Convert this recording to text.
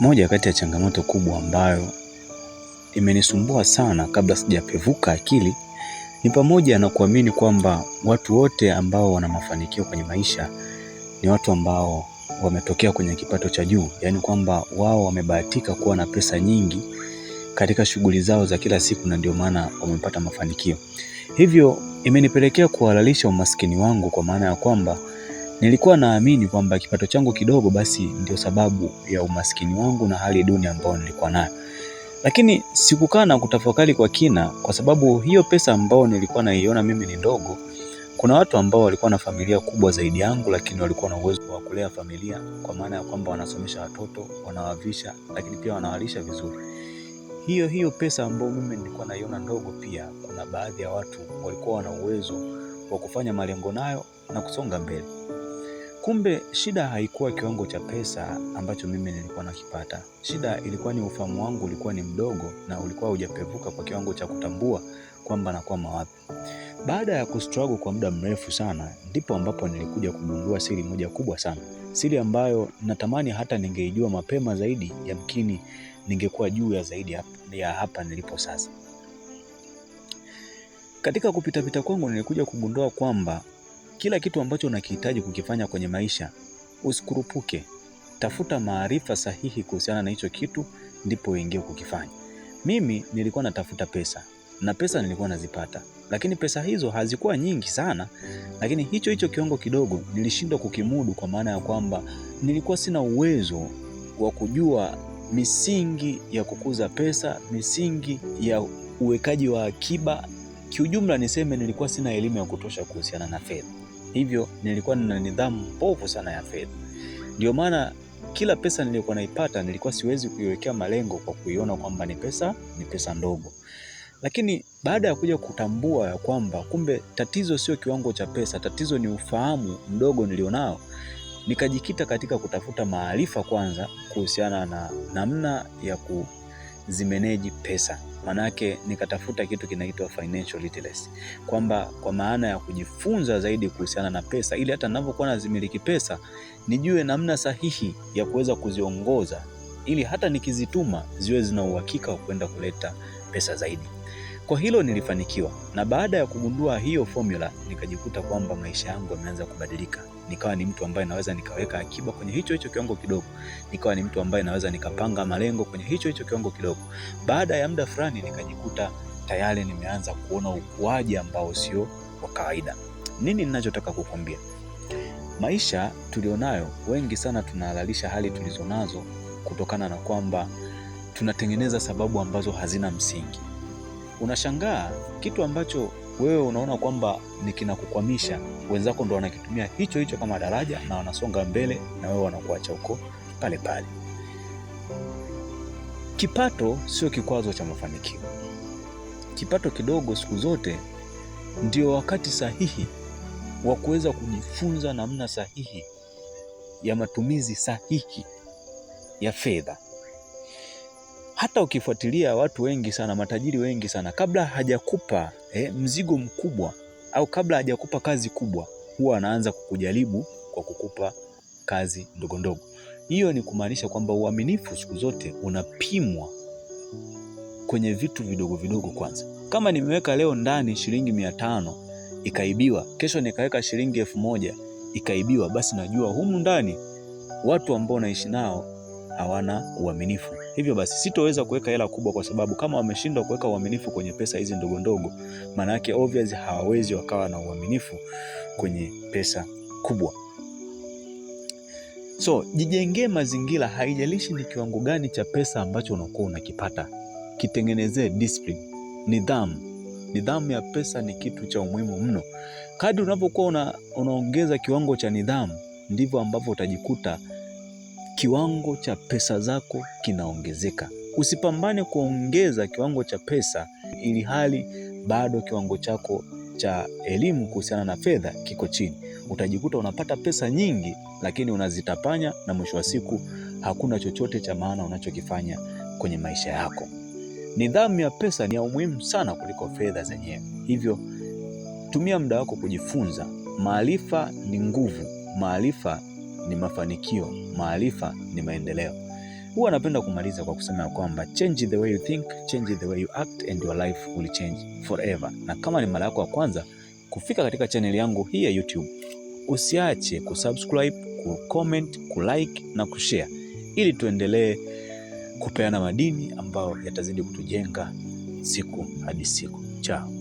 Moja kati ya changamoto kubwa ambayo imenisumbua sana kabla sijapevuka akili ni pamoja na kuamini kwamba watu wote ambao wana mafanikio kwenye maisha ni watu ambao wametokea kwenye kipato cha juu, yaani kwamba wao wamebahatika kuwa na pesa nyingi katika shughuli zao za kila siku na ndio maana wamepata mafanikio. Hivyo imenipelekea kuhalalisha umaskini wangu kwa maana ya kwamba Nilikuwa naamini kwamba kipato changu kidogo basi ndio sababu ya umaskini wangu na hali duni ambayo nilikuwa nayo, lakini sikukaa na kutafakari kwa kina, kwa sababu hiyo pesa ambayo nilikuwa naiona mimi ni ndogo, kuna watu ambao walikuwa na familia kubwa zaidi yangu, lakini walikuwa na uwezo wa kulea familia, kwa maana ya kwamba wanasomesha watoto, wanawavisha, lakini pia wanawalisha vizuri. Hiyo hiyo pesa ambayo mimi nilikuwa naiona ndogo, pia kuna baadhi ya watu walikuwa wana uwezo wa kufanya malengo nayo na kusonga mbele. Kumbe shida haikuwa kiwango cha pesa ambacho mimi nilikuwa nakipata. Shida ilikuwa ni ufahamu wangu ulikuwa ni mdogo na ulikuwa hujapevuka kwa kiwango cha kutambua kwamba nakwama wapi. Baada ya kustruggle kwa muda mrefu sana, ndipo ambapo nilikuja kugundua siri moja kubwa sana, siri ambayo natamani hata ningeijua mapema zaidi, yamkini ningekuwa juu ya zaidi ya hapa nilipo sasa. Katika kupitapita kwangu nilikuja kugundua kwamba kila kitu ambacho unakihitaji kukifanya kwenye maisha, usikurupuke. Tafuta maarifa sahihi kuhusiana na hicho kitu, ndipo uingie kukifanya. Mimi nilikuwa natafuta pesa na pesa nilikuwa nazipata, lakini pesa hizo hazikuwa nyingi sana, lakini hicho hicho kiwango kidogo nilishindwa kukimudu, kwa maana ya kwamba nilikuwa sina uwezo wa kujua misingi ya kukuza pesa, misingi ya uwekaji wa akiba. Kiujumla niseme nilikuwa sina elimu ya kutosha kuhusiana na fedha hivyo nilikuwa nina nidhamu mbovu sana ya fedha. Ndio maana kila pesa niliyokuwa naipata nilikuwa siwezi kuiwekea malengo kwa kuiona kwamba ni pesa ni pesa ndogo. Lakini baada ya kuja kutambua ya kwamba kumbe tatizo sio kiwango cha pesa, tatizo ni ufahamu mdogo nilionao, nikajikita katika kutafuta maarifa kwanza kuhusiana na namna ya ku zimeneji pesa. Manake nikatafuta kitu kinaitwa financial literacy, kwamba kwa maana ya kujifunza zaidi kuhusiana na pesa, ili hata ninapokuwa nazimiliki pesa nijue namna sahihi ya kuweza kuziongoza, ili hata nikizituma ziwe zina uhakika wa kwenda kuleta pesa zaidi. Kwa hilo nilifanikiwa, na baada ya kugundua hiyo formula nikajikuta kwamba maisha yangu yameanza kubadilika. Nikawa ni mtu ambaye naweza nikaweka akiba kwenye hicho hicho kiwango kidogo, nikawa ni mtu ambaye naweza nikapanga malengo kwenye hicho hicho kiwango kidogo. Baada ya muda fulani nikajikuta tayari nimeanza kuona ukuaji ambao sio wa kawaida. Nini ninachotaka kukwambia? Maisha tulionayo wengi sana tunahalalisha hali tulizonazo kutokana na kwamba tunatengeneza sababu ambazo hazina msingi unashangaa kitu ambacho wewe unaona kwamba ni kinakukwamisha, wenzako ndo wanakitumia hicho hicho kama daraja na wanasonga mbele, na wewe wanakuacha huko pale pale. Kipato sio kikwazo cha mafanikio. Kipato kidogo siku zote ndio wakati sahihi wa kuweza kujifunza namna sahihi ya matumizi sahihi ya fedha hata ukifuatilia watu wengi sana, matajiri wengi sana, kabla hajakupa eh, mzigo mkubwa au kabla hajakupa kazi kubwa, huwa anaanza kukujaribu kwa kukupa kazi ndogo ndogo. Hiyo ni kumaanisha kwamba uaminifu siku zote unapimwa kwenye vitu vidogo vidogo kwanza. Kama nimeweka leo ndani shilingi mia tano ikaibiwa, kesho nikaweka shilingi elfu moja ikaibiwa, basi najua humu ndani watu ambao naishi nao hawana uaminifu. Hivyo basi sitoweza kuweka hela kubwa, kwa sababu kama wameshindwa kuweka uaminifu kwenye pesa hizi ndogo ndogo, maana yake obviously hawawezi wakawa na uaminifu kwenye pesa kubwa. So jijengee mazingira, haijalishi ni kiwango gani cha pesa ambacho unakuwa unakipata, kitengenezee discipline, nidhamu. Nidhamu ya pesa ni kitu cha umuhimu mno. Kadri unapokuwa una, unaongeza kiwango cha nidhamu, ndivyo ambavyo utajikuta kiwango cha pesa zako kinaongezeka. Usipambane kuongeza kiwango cha pesa ili hali bado kiwango chako cha elimu kuhusiana na fedha kiko chini. Utajikuta unapata pesa nyingi, lakini unazitapanya na mwisho wa siku hakuna chochote cha maana unachokifanya kwenye maisha yako. Nidhamu ya pesa ni ya umuhimu sana kuliko fedha zenyewe. Hivyo tumia muda wako kujifunza. Maarifa ni nguvu, maarifa ni mafanikio, maarifa ni maendeleo. Huwa anapenda kumaliza kwa kusema ya kwamba change the way you think, change the way you act and your life will change forever. Na kama ni mara yako ya kwanza kufika katika chaneli yangu hii ya YouTube, usiache kusubscribe, kucomment, kulike na kushare ili tuendelee kupeana madini ambayo yatazidi kutujenga siku hadi siku. Chao.